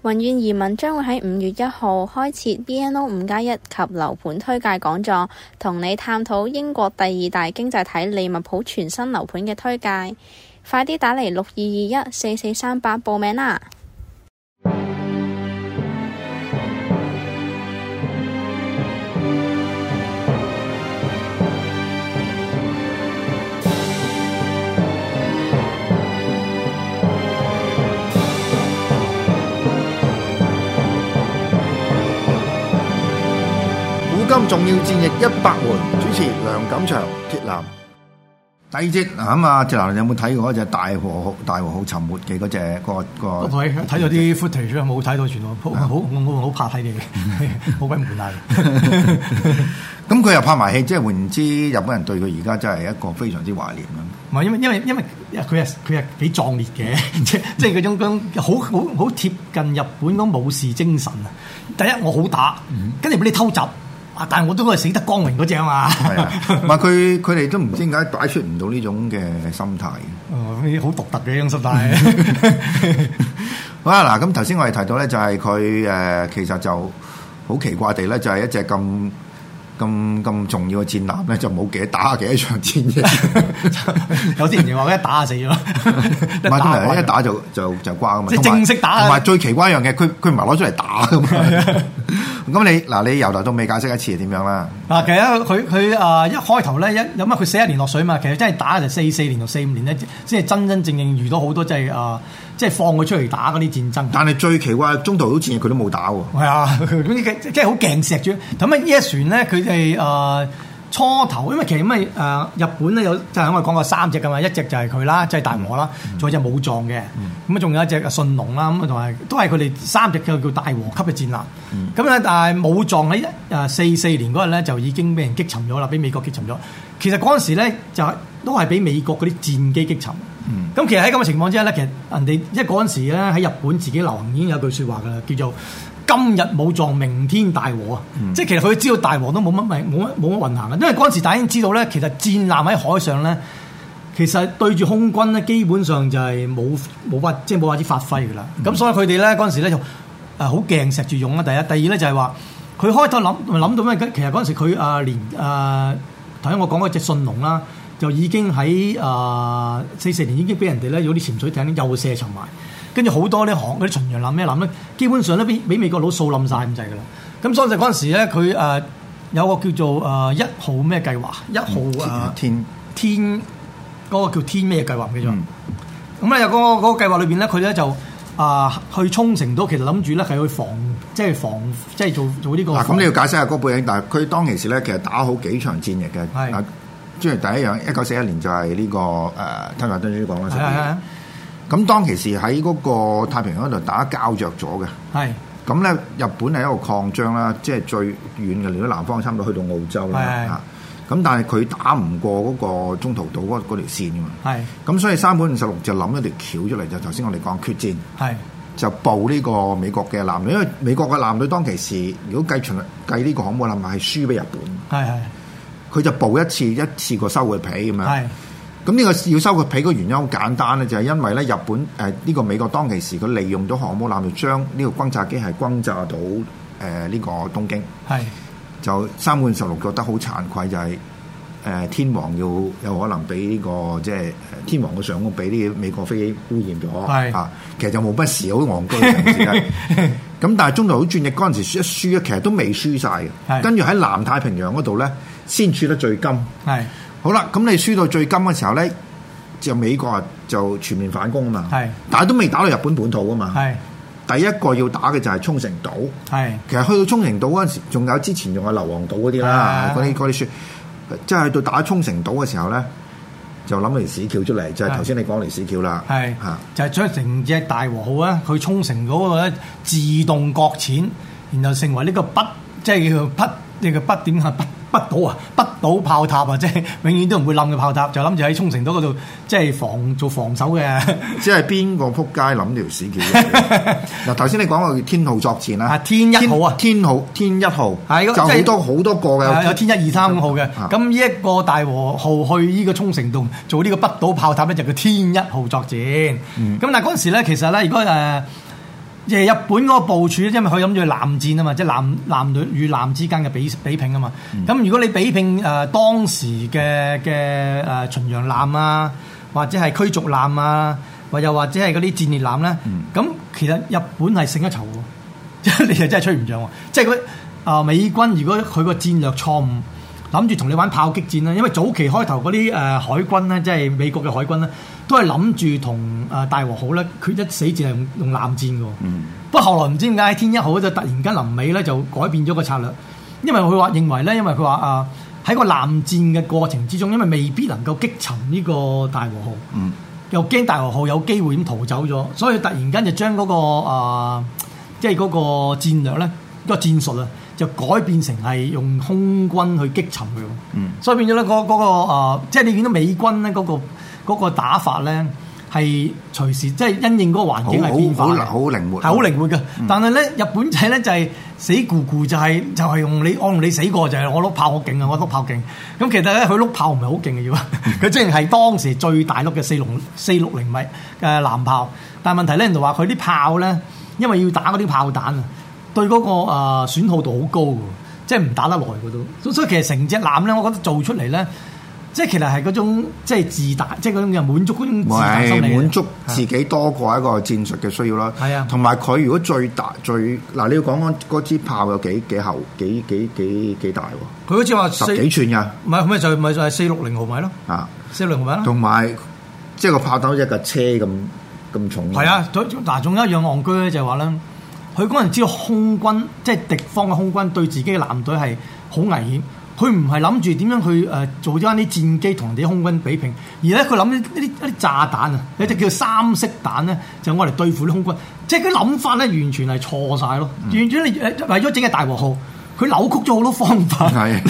宏遠移民將會喺五月一號開設 BNO 五加一及樓盤推介講座，同你探討英國第二大經濟體利物浦全新樓盤嘅推介。快啲打嚟六二二一四四三八報名啦！古今重要戰役一百回，主持梁錦祥、鐵男。第二節嗱咁啊，鐵男有冇睇過嗰隻大和，大和號沉沒嘅嗰隻個個？睇咗啲 footage，冇睇到全部，好，我好怕睇嘅，好鬼悶啊！咁、hmm. 佢又拍埋戲，即係換知日本人對佢而家真係一個非常之懷念啦。唔係，因為因為因為佢係佢係幾壯烈嘅，即即係嗰種好好好貼近日本嗰武士精神啊！第一我好打，跟住俾你偷襲。啊！但係我都係死得光榮嗰隻啊嘛，唔係佢佢哋都唔知點解擺出唔到呢種嘅心態，啊好、嗯、獨特嘅一種心態。 好啊嗱，咁頭先我哋提到咧，就係佢誒其實就好奇怪地咧，就係一隻咁。咁咁重要嘅戰艦咧，就冇幾打下幾多場戰嘅。 有啲人就話，一打死咗，一打就 是一打就 打就瓜咁啊！即係正式打啊！同埋有 最奇怪一樣嘅，佢佢唔係攞出嚟打咁咁 你。嗱，你由頭到尾解釋一次點樣啦？嗱，其實佢佢啊，一開頭咧，一有乜佢四一年落水嘛。其實真係打就四四年同四五年咧，先係真真正正遇到好多即係啊。即係放佢出嚟打嗰啲戰爭，但係最奇怪，中途好似佢都冇打喎。係啊，總之即係好勁錫住。咁啊，呢一船咧，佢哋誒初頭，因為其實咁啊、呃、日本咧有即係、就是、我講過三隻噶嘛，一隻就係佢啦，即、就、係、是、大和啦，仲有隻武藏嘅，咁啊仲有一隻啊、嗯嗯、信濃啦，咁啊同埋都係佢哋三隻叫叫大和級嘅戰艦。咁咧、嗯，嗯、但係武藏喺一四四年嗰日咧就已經俾人擊沉咗啦，俾美國擊沉咗。其實嗰陣時咧就係都係俾美國嗰啲戰機擊沉。咁、嗯、其實喺咁嘅情況之下咧，其實人哋即係嗰陣時咧喺日本自己流行已經有句説話噶啦，叫做今日武藏明天大和啊！嗯、即係其實佢知道大和都冇乜冇乜冇乜運行嘅，因為嗰陣時大家已經知道咧，其實戰艦喺海上咧，其實對住空軍咧，基本上就係冇冇法即係冇法子發揮噶啦。咁、嗯、所以佢哋咧嗰陣時咧就誒好勁錫住用啦。第一，第二咧就係話佢開頭諗諗到咩？其實嗰陣時佢啊連啊。呃呃呃頭先我講嗰隻信濃啦，就已經喺啊、呃、四四年已經俾人哋咧有啲潛水艇又射沉埋，跟住好多呢行啲巡洋艦咩艦咧，基本上咧俾俾美國佬掃冧晒咁滯噶啦。咁當、嗯、時嗰陣時咧，佢誒、呃、有個叫做誒、呃、一號咩計劃一號啊天天、嗰個叫天咩計劃唔記得咗咁咧，又嗰個嗰、嗰個計劃裏邊咧，佢咧就啊、呃、去沖繩度，其實諗住咧係去防。即係防，即係做做呢個。咁你、啊、要解釋下嗰個背景。但係佢當其時咧，其實打好幾場戰役嘅。係是的、啊。即係第一樣，一九四一年就係呢、這個誒、呃，聽馬登先生講啦。係係。咁是的、啊、當其時喺嗰個太平洋度打膠着咗嘅。係。咁咧，日本係一個擴張啦，即係最遠嘅連到南方差唔多去到澳洲啦。係是的、啊。咁但係佢打唔過嗰個中途島嗰嗰條線㗎嘛。係的。咁所以山本五十六就諗一條橋出嚟就頭先我哋講決戰。係。就報呢個美國嘅艦隊，因為美國嘅艦隊當其時，如果計全計呢個航母艦，唔係輸俾日本。係係，佢就報一次一次個收佢皮咁樣。係，咁呢個要收佢皮個原因好簡單咧，就係、是、因為咧日本誒呢、呃這個美國當其時佢利用咗航母艦，就將呢個轟炸機係轟炸到誒呢、呃這個東京。係，是是 就山本五十六覺得好慚愧就係、是。誒天皇要有可能俾呢、呢個即係天皇嘅上空俾啲美國飛機污染咗，啊是，其實就冇乜事，好戇居嘅時間。咁 但係中途好轉逆嗰陣時一輸啊，其實都未輸晒，嘅是。跟住喺南太平洋嗰度咧，先輸得最金。係是好啦，咁你輸到最金嘅時候咧，就美國就全面反攻啊嘛。係是，但係都未打到日本本土啊嘛。係，第一個要打嘅就係沖繩島。係是，其實去到沖繩島嗰陣時，仲有之前仲有硫磺島嗰啲啦，啲啲船。即係去到打沖繩島嘅時候咧，就諗條屎橋出嚟，就係頭先你講嚟屎橋啦，係啊，是就係將成隻大和號咧去沖繩島咧自動擱淺，然後成為呢個不，即係叫做不呢個不點係不。北島啊，北島炮塔啊，即係永遠都唔會冧嘅炮塔，就諗住喺沖繩島嗰度，即係防做防守嘅，啊。 即係邊個扑街諗條屎橛？嗱，頭先你講個叫天號作戰啦 號、啊，天一號啊，天號天一號，係，有好多好多個嘅，啊，有天一二三五號嘅。咁呢一個大和號去呢個沖繩島做呢個北島炮塔咧，就叫天一號作戰。咁、嗯、但係嗰陣時咧，其實咧，如果誒。呃即係日本嗰個部署，因為佢諗住艦戰啊嘛，即係艦艦隊與艦之間嘅比比拼啊嘛。咁、嗯、如果你比拼誒當時嘅嘅誒巡洋艦啊，或者係驅逐艦啊，或又或者係嗰啲戰列艦咧，咁、嗯、其實日本係勝一籌喎，因 你係真係吹唔漲喎。即係佢啊，美軍如果佢個戰略錯誤。諗住同你玩炮擊戰啦，因為早期開頭嗰啲誒海軍咧，即係美國嘅海軍咧，都係諗住同啊大和號咧，佢一死戰係用用艦戰嘅。嗯、不過後來唔知點解喺天一號就突然間臨尾咧就改變咗個策略，因為佢話認為咧，因為佢話啊喺個艦戰嘅過程之中，因為未必能夠擊沉呢個大和號，嗯，又驚大和號有機會咁逃走咗，所以突然間就將嗰、嗰個、呃、即係嗰個戰略咧、嗰個戰術啊。就改變成係用空軍去擊沉佢，所以變咗咧嗰嗰個誒，即係你見到美軍咧嗰個打法咧，係隨時即係因應嗰個環境係變化嘅，好靈活，係好靈活嘅。但係咧日本仔咧就係死咕咕，就係就係用你用你死過，就係我碌炮我勁啊，我碌炮勁。咁其實咧佢碌炮唔係好勁嘅，要佢雖然係當時最大碌嘅四龍四六零米嘅艦炮，但係問題咧，人哋話佢啲炮咧，因為要打嗰啲炮彈啊。對嗰個、嗰個誒損耗度好高嘅，即係唔打得耐嗰度。所以其實成隻艦咧，我覺得做出嚟咧，即係其實係嗰種即係自大，即係嗰種又滿足嗰種，唔係滿足自己多過一個戰術嘅需要啦。係啊，同埋佢如果最大最嗱、呃，你要講講嗰支炮有幾幾厚、幾幾幾幾大喎？佢好似話十幾吋㗎，唔係咁咪就咪、係、就係四六零毫米咯。米啊，四六零毫米啦。同埋即係個炮彈、就係、一架車咁咁重。係啊，嗱，仲有，有，有，有一樣戇居咧，就係話咧。 佢嗰陣知道空軍即係敵方嘅空軍對自己嘅艦隊係好危險，佢唔係諗住點樣去誒做咗翻啲戰機同人哋啲空軍比拼，而咧佢諗呢啲一啲炸彈啊，一隻叫做三式彈咧就攞嚟對付啲空軍，即係佢諗法咧完全係錯晒咯，嗯、完全係為咗整個大和號，佢扭曲咗好多方法嚟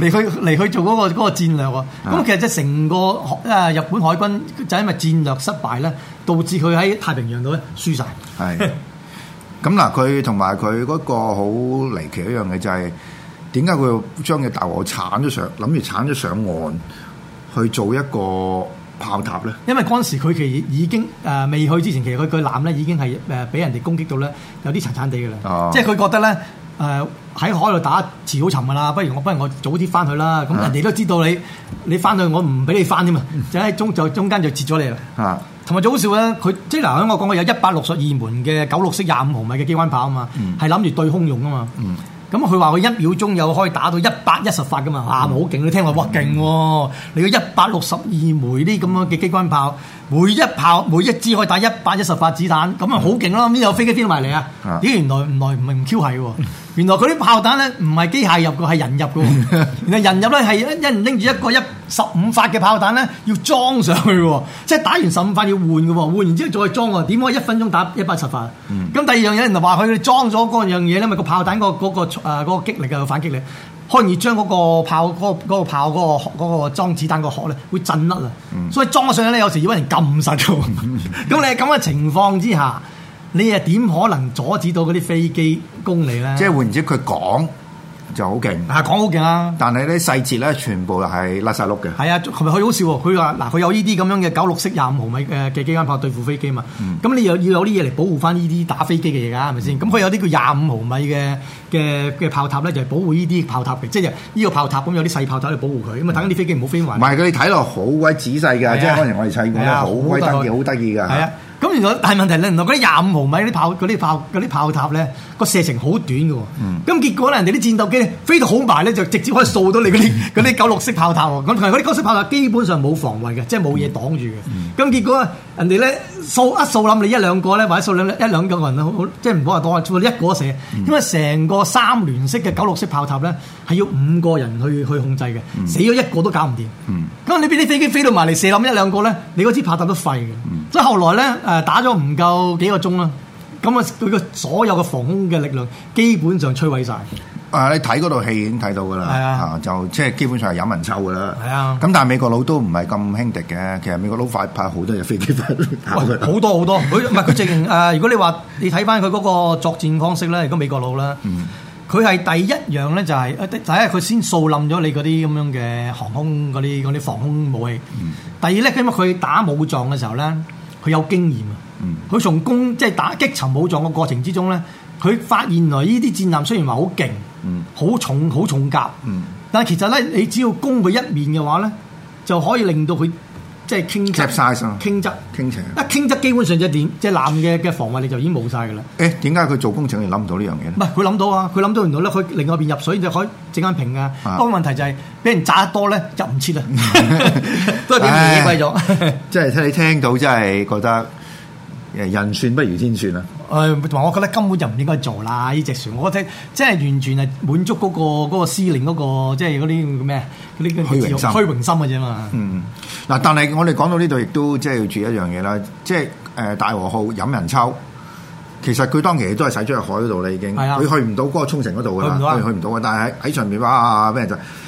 嚟去嚟去做嗰、個嗰、個、戰略啊，咁其實就成個誒日本海軍就因為戰略失敗咧，導致佢喺太平洋度咧輸曬。是的 咁嗱，佢同埋佢嗰個好離奇一樣嘅就係點解佢將隻大和鏟咗上，諗住鏟咗上岸去做一個炮塔咧？因為嗰陣時佢其實已經誒、呃、未去之前，其實佢個艦咧已經係誒俾人哋攻擊到咧，有啲殘殘地嘅啦。啊、即係佢覺得咧。誒喺、呃、海度打遲早沉㗎啦，不如我不如我早啲翻去啦。咁人哋都知道你你翻去我唔俾你翻添啊，嗯、就喺中就中間就截咗你啦。同埋最好笑咧，佢即係嗱，我講過有一百六十二門嘅九六式廿五毫米嘅機關炮啊嘛，係諗住對空用㗎嘛。咁佢話佢一秒鐘又可以打到一百一十發㗎嘛，啊、嗯，好勁你聽話，哇勁喎、哦！你個一百六十二枚啲咁樣嘅機關炮。每一炮每一支可以打一百一十發子彈，咁啊好勁咯！邊、嗯、有飛機飛埋嚟啊？咦，原來原來唔係唔 Q 係喎？原來嗰啲炮彈咧唔係機械入嘅，係人入嘅。 原來人入咧係一人拎住一個一十五發嘅炮彈咧，要裝上去喎。即係打完十五發要換嘅喎，換完之後再裝喎。點可以一分鐘打一百十發？咁、嗯、第二樣嘢，人就話佢裝咗嗰樣嘢咧，咪個炮彈、嗰個嗰、嗰個誒嗰、嗰個嗰個嗰個擊力啊，嗰個、反擊力。可以將嗰個炮嗰、嗰個、炮嗰、嗰個嗰、嗰個、裝子彈個殼咧，會震甩啊！嗯、所以裝上去咧，有時要人撳實嘅。咁你喺咁嘅情況之下，你又點可能阻止到嗰啲飛機攻你咧？即係換言之，佢講。就好勁，係講好勁啊。但係咧細節咧，全部係甩晒碌嘅。係啊，係咪佢好笑喎！佢話嗱，佢有呢啲咁樣嘅九六式廿五毫米嘅嘅機關炮對付飛機嘛。咁、嗯、你又要有啲嘢嚟保護翻呢啲打飛機嘅嘢啊，係咪先？咁佢、啊、有啲叫廿五毫米嘅嘅嘅炮塔咧，就係保護呢啲炮塔嘅，即係呢個炮塔咁有啲細炮塔嚟保護佢，咁啊等啲飛機唔好飛埋。唔係佢哋睇落好鬼仔細㗎，即係可能我哋砌嘅好鬼得意，好得意㗎。咁原來係問題咧，原來嗰啲廿五毫米嗰啲炮、啲炮、啲炮塔咧，個射程好短嘅喎。咁、mm. 結果咧，人哋啲戰鬥機飛到好埋咧，就直接可以掃到你嗰啲啲九六式炮塔喎。咁同埋嗰啲九六式炮塔基本上冇防衞嘅，即係冇嘢擋住嘅。咁結果人哋咧掃一掃冧、mm. 你一兩個咧，或者掃兩一兩個人，即係唔好話當係一個射。因為成個三聯式嘅九六式炮塔咧，係要五個人去去控制嘅，死咗一個都搞唔掂。咁你俾啲飛機飛到埋嚟射冧一兩個咧，你嗰支炮塔都廢嘅。所以後來咧。誒打咗唔夠幾個鐘啦，咁啊佢個所有嘅防空嘅力量基本上摧毀曬。誒，你睇嗰套戲已經睇到噶啦。係啊，就即係基本上係有人抽噶啦。係啊，咁但係美國佬都唔係咁輕敵嘅。其實美國佬快派好多隻飛機翻。哇，好多好多，佢唔係佢證明誒。如果你話你睇翻佢嗰個作戰方式咧，如果美國佬咧，佢係第一樣咧就係一第一佢先掃冧咗你嗰啲咁樣嘅航空嗰啲嗰啲防空武器。第二咧，因為佢打武藏嘅時候咧。佢有經驗啊！佢、嗯、從攻即係、就是、打擊沉武藏嘅過程之中咧，佢發現原來呢啲戰艦雖然話好勁，好、嗯、重好重甲，嗯、但係其實咧，你只要攻佢一面嘅話咧，就可以令到佢。即係傾側傾斜，一傾側基本上就隻電隻男嘅嘅防衛力就已經冇晒噶啦。誒點解佢做工程又諗唔到呢樣嘢咧？唔係佢諗到啊，佢諗到唔到咧，佢另外邊入水就可以整間平啊。不過是、啊、問題就係俾人炸得多咧，入唔切啊， 都係俾人蝕鬼咗。即係聽你聽到，真係覺得。誒人算不如天算啊！誒同埋，我覺得根本就唔應該做啦！呢隻船，我覺得、嗰個嗰個嗰個，即係完全係滿足嗰個司令嗰個即係嗰啲叫咩嗰啲虛榮心嘅啫嘛嗯。嗯，嗱，但係我哋講到呢度，亦都即係要注意一樣嘢啦。即係誒大和號飲人抽，其實佢當時都係使咗去海嗰度啦，已經。佢去唔到嗰個沖繩嗰度啦，佢去唔到嘅。但係喺喺上面哇咩就？啊啊啊啊啊啊啊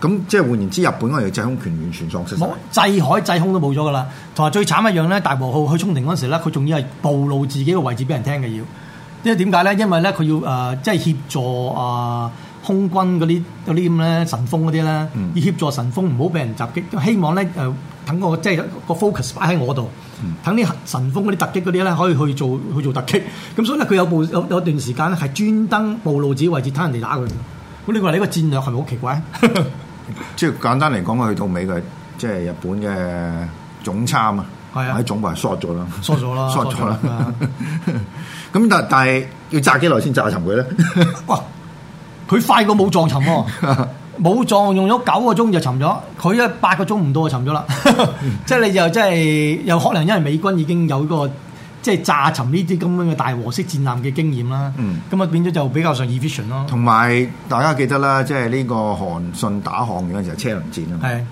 咁即係換言之，日本嗰樣制空權完全喪失。制海、制空都冇咗噶啦。同埋最慘一樣咧，大和號去沖繩嗰時咧，佢仲要係暴露自己個位置俾人聽嘅要。因為點解咧？因為咧，佢要誒即係協助啊、呃、空軍嗰啲嗰啲咁咧神風嗰啲咧，要協助神風唔好俾人襲擊。嗯、希望咧誒、呃、等個即係個 focus 擺喺我度，等啲神風嗰啲突擊嗰啲咧可以去做去做突擊。咁所以咧，佢有部有有段時間咧係專登暴露自己位置睇人哋打佢。咁你話你個戰略係咪好奇怪？ 即係簡單嚟講，佢去到尾佢即係日本嘅總參啊，喺的總部縮咗啦，縮咗啦，縮咗啦。咁 但係但係要炸幾耐先炸沉佢咧？ 哇！佢快過武藏沉喎，武 藏用咗九個鐘就沉咗，佢呢八個鐘唔到就沉咗啦。 嗯、即係你就即係又可能因為美軍已經有個。即係炸沉呢啲咁樣嘅大和式戰艦嘅經驗啦，咁啊、嗯、變咗就比較上 efficient 咯。同埋大家記得啦，即係呢個韓信打項羽嘅時候車輪戰啊。係的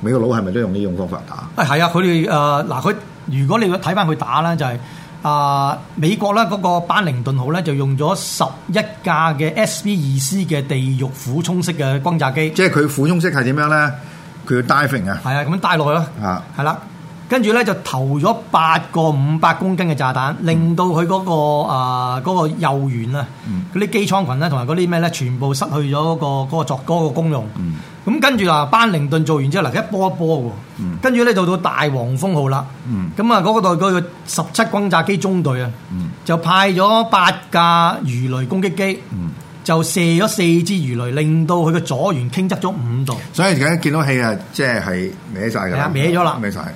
美國佬係咪都用呢種方法打？誒係啊，佢哋誒嗱佢如果你睇翻佢打啦，就係、是、啊、呃、美國啦嗰個班寧頓號咧，就用咗十一架嘅 S B 二 C 嘅地獄俯衝式嘅轟炸機。即係佢俯衝式係點樣咧？佢要 diving 啊。係啊，咁樣帶落去咯。啊的，係啦。跟住咧就投咗八個五百公斤嘅炸彈，令到佢嗰個啊右舷啊，嗰啲、嗯、機艙群咧同埋嗰啲咩咧，全部失去咗、嗰個嗰、嗰個、作嗰、嗰個功用。咁、嗯、跟住啊，班寧頓做完之後，嗱一波一波喎。嗯、跟住咧就到大黃蜂號啦。咁啊嗰個度佢十七轟炸機中隊啊，嗯、就派咗八架魚雷攻擊機，嗯、就射咗四支魚雷，令到佢嘅左舷傾側咗五度。所以而家見到氣啊，即係係歪晒㗎啦。歪咗啦，歪晒了。歪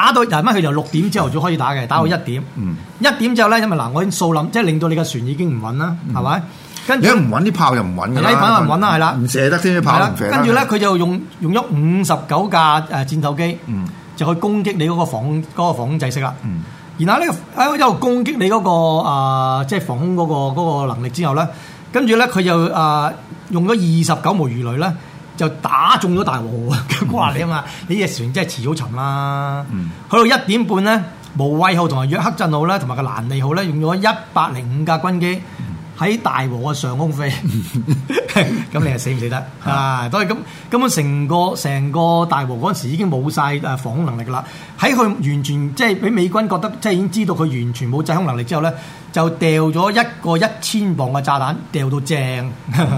打到廿蚊，佢由六點之後就開始打嘅，打到一點。嗯，一點之後咧，因為嗱，我掃林，即係令到你嘅船已經唔穩啦，係咪、嗯？跟住，如果唔穩，啲炮又唔穩嘅啦。拉炮又唔穩啦，係啦、啊。唔捨得先啲炮唔捨。跟住咧，佢就用用咗五十九架誒戰鬥機，嗯，就去攻擊你嗰、嗰個防嗰防空制式啦。嗯，然後咧喺喺度攻擊你嗰個即係防空嗰個能力之後咧，跟住咧佢就啊用咗二十九枚魚雷咧。就打中咗大和，佢哥話你啊嘛，你隻船真係遲早沉啦。去、嗯、到一點半咧，無畏號同埋約克鎮號咧，同埋個蘭利號咧，用咗一百零五架軍機喺大和嘅上空飛，咁、嗯、 你又死唔死得、嗯、啊？所以咁，根本成個成個大和嗰陣時已經冇晒誒防空能力㗎啦。喺佢完全即係俾美軍覺得，即、就、係、是、已經知道佢完全冇制空能力之後咧，就掉咗一個一千磅嘅炸彈，掉到正。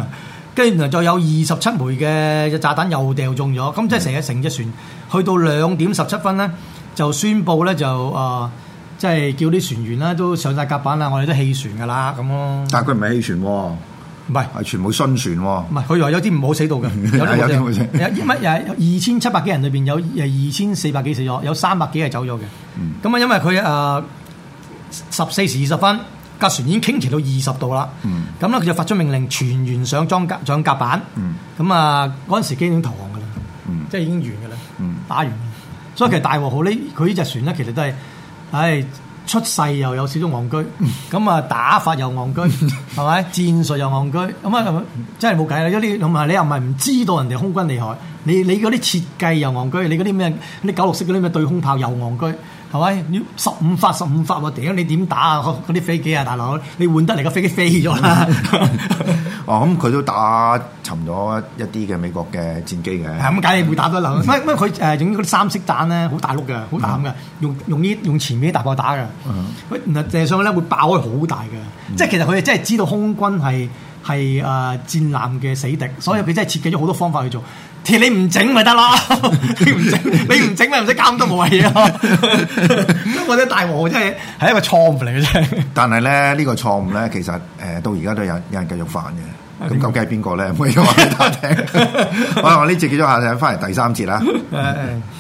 原來再有二十七枚嘅炸彈又掉中咗，咁、嗯、即係成一成隻船去到兩點十七分咧，就宣佈咧就啊，即、呃、係、就是、叫啲船員咧都上晒甲板啦，我哋都棄船噶啦咁咯。但係佢唔係棄船喎、哦，唔係係全部殉船喎、哦。唔係佢話有啲唔好死到嘅，有啲唔好死。有乜？有二千七百幾人裏邊有誒二千四百幾死咗，有三百幾係走咗嘅。咁啊，因為佢啊十四時二十分。架船已經傾斜到二十度啦，咁咧佢就發出命令，全員上裝甲上甲板。咁啊、嗯，嗰陣時機已經投降噶啦，嗯、即係已經完噶啦，嗯、打完。所以其實大和號呢，佢呢隻船咧，其實都係，唉、哎，出世又有少少戇居，咁啊、嗯、打法又戇居，係咪、嗯、戰術又戇居？咁啊、嗯嗯、真係冇計啦，因啲，你又唔係你又唔係唔知道人哋空軍厲害，你你嗰啲設計又戇居，你嗰啲咩啲九六式嗰啲咩對空炮又戇居。係咪？要十五發十五發喎？頂、啊、你點打啊？嗰啲飛機啊，大佬，你換得嚟個飛機飛咗啦、啊！哦、嗯，咁佢都打沉咗一啲嘅美國嘅戰機嘅。係啊，咁解你會打得啦？嗯、因為佢誒用嗰啲三色彈咧，好大碌嘅，好膽嘅，用用啲用前面啲大炮打嘅。嗯。喂，嗱，誒上去咧會爆開好大嘅，即係、嗯、其實佢哋真係知道空軍係係誒戰艦嘅死敵，所以佢真係設計咗好多方法去做。你唔整咪得咯，你唔整你唔整咪唔使搞都冇謂嘢咯。 我覺得大和真係係一個錯誤嚟嘅啫。 但係咧呢，這個錯誤咧，其實誒、呃、到而家都有有人繼續犯嘅。咁究竟係邊個咧？唔好意思話畀大家聽。 我呢節結束下，就翻嚟第三節啦。 嗯 uh, uh,